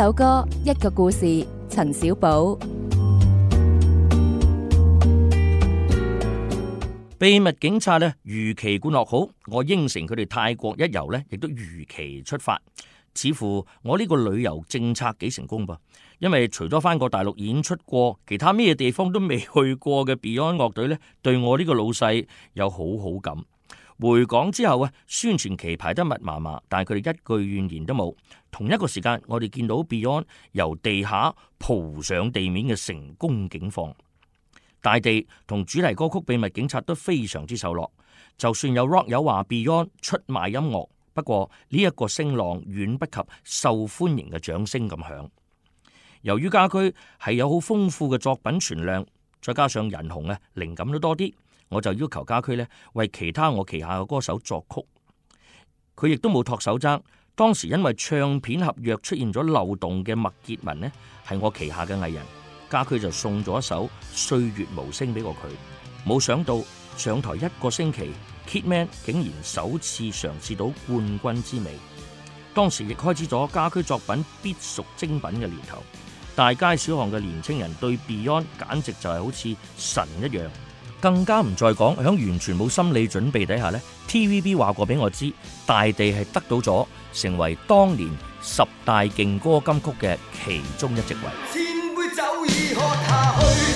首歌一個故事，陳少寶秘密警察咧，如期灌錄好。我應承佢哋泰國一遊咧，亦都如期出發。似乎我呢個旅遊政策幾成功噃，因為除咗返過大陸演出過，其他咩地方都未去過嘅 Beyond 樂隊咧，對我呢個老細有好好感。回港之後啊，宣傳期排得密麻麻，但係佢哋一句怨言都冇。同一個時間，我哋見到 Beyond 由地下蒲上地面嘅成功景況，大地同主題歌曲《秘密警察》都非常之受落。就算有 Rock 友話 Beyond 出賣音樂，不過呢一個聲浪遠不及受歡迎嘅掌聲咁響。由於家駒係有好豐富嘅作品存量，再加上人紅啊，靈感都多啲。我就要求家駒呢，為其他我旗下嘅歌手作曲，佢亦都冇托手踭。當時因為唱片合約出現咗漏洞嘅麥潔文呢，係我旗下嘅藝人，家駒就送咗一首《歲月無聲》俾過佢。冇想到上台一個星期，Kidman 竟然首次嘗試到冠軍之美。當時亦開始咗家駒作品必屬精品嘅年頭，大街小巷嘅年青人對 Beyond 簡直就係好似神一樣。更加唔再講響完全冇心理準備底下咧，TVB 話過俾我知，《大地》係得到咗成為當年十大勁歌金曲嘅其中一席位。千杯酒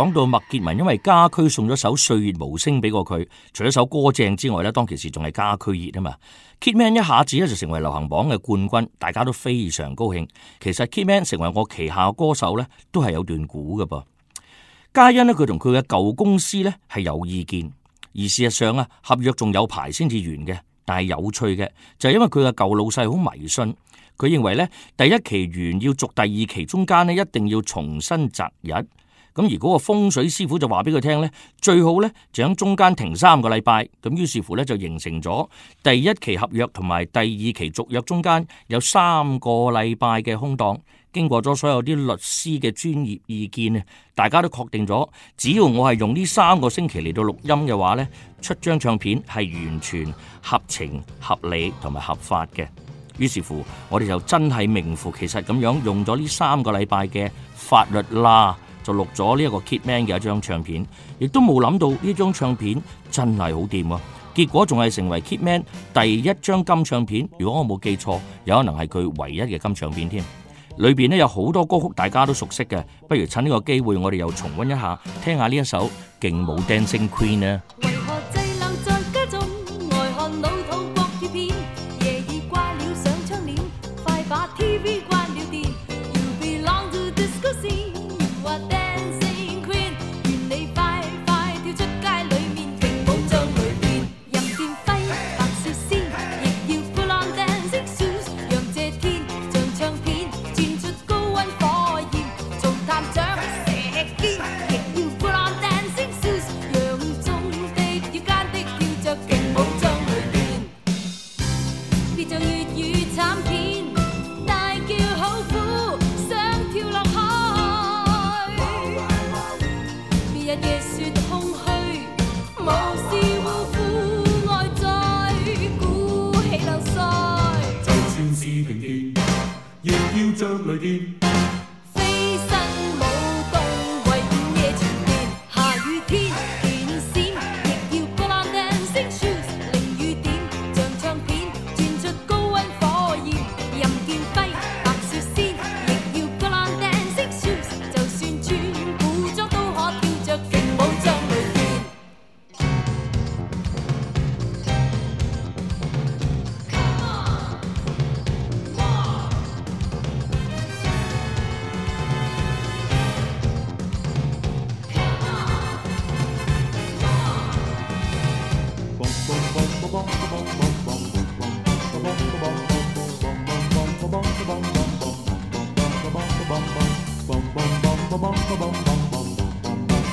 講到麥潔文，因為家駒送咗首《歲月無聲》俾過佢，除咗首歌正之外咧，當其時仲係家駒熱啊嘛，Kit Man 一下子咧就成為流行榜嘅冠軍，大家都非常高興。其實 Kit Man 成為我旗下歌手呢都係有段故嘅噃。皆因呢，佢同佢嘅舊公司呢係有意見，而事實上啊，合約仲有排先至完嘅。但係有趣嘅就係、是、因為佢嘅舊老細好迷信，佢認為呢第一期完要續第二期，中間咧一定要重新擇日。咁如果而嗰個風水師傅就話俾佢聽呢，最好呢就喺中間停三個禮拜。咁於是乎呢就形成咗第一期合約同埋第二期續約中間有三個禮拜嘅空檔。經過咗所有啲律師嘅專業意見，大家都確定咗，只要我係用呢三個星期嚟到錄音嘅話呢，出張唱片係完全合情合理同埋合法嘅。於是乎，我哋就真係名符其實咁樣用咗呢三個禮拜嘅法律啦。就錄咗呢一個 Kitman 嘅一張唱片，亦都冇諗到呢張唱片真係好掂喎！結果仲係成為 Kitman 第一張金唱片，如果我冇記錯，有可能係佢唯一嘅金唱片添。裏邊呢有好多歌曲大家都熟悉嘅，不如趁呢個機會我哋又重温一下，聽下呢一首勁舞 Dancing Queen 咧。啊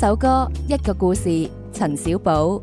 首歌，一個故事，陳少寶。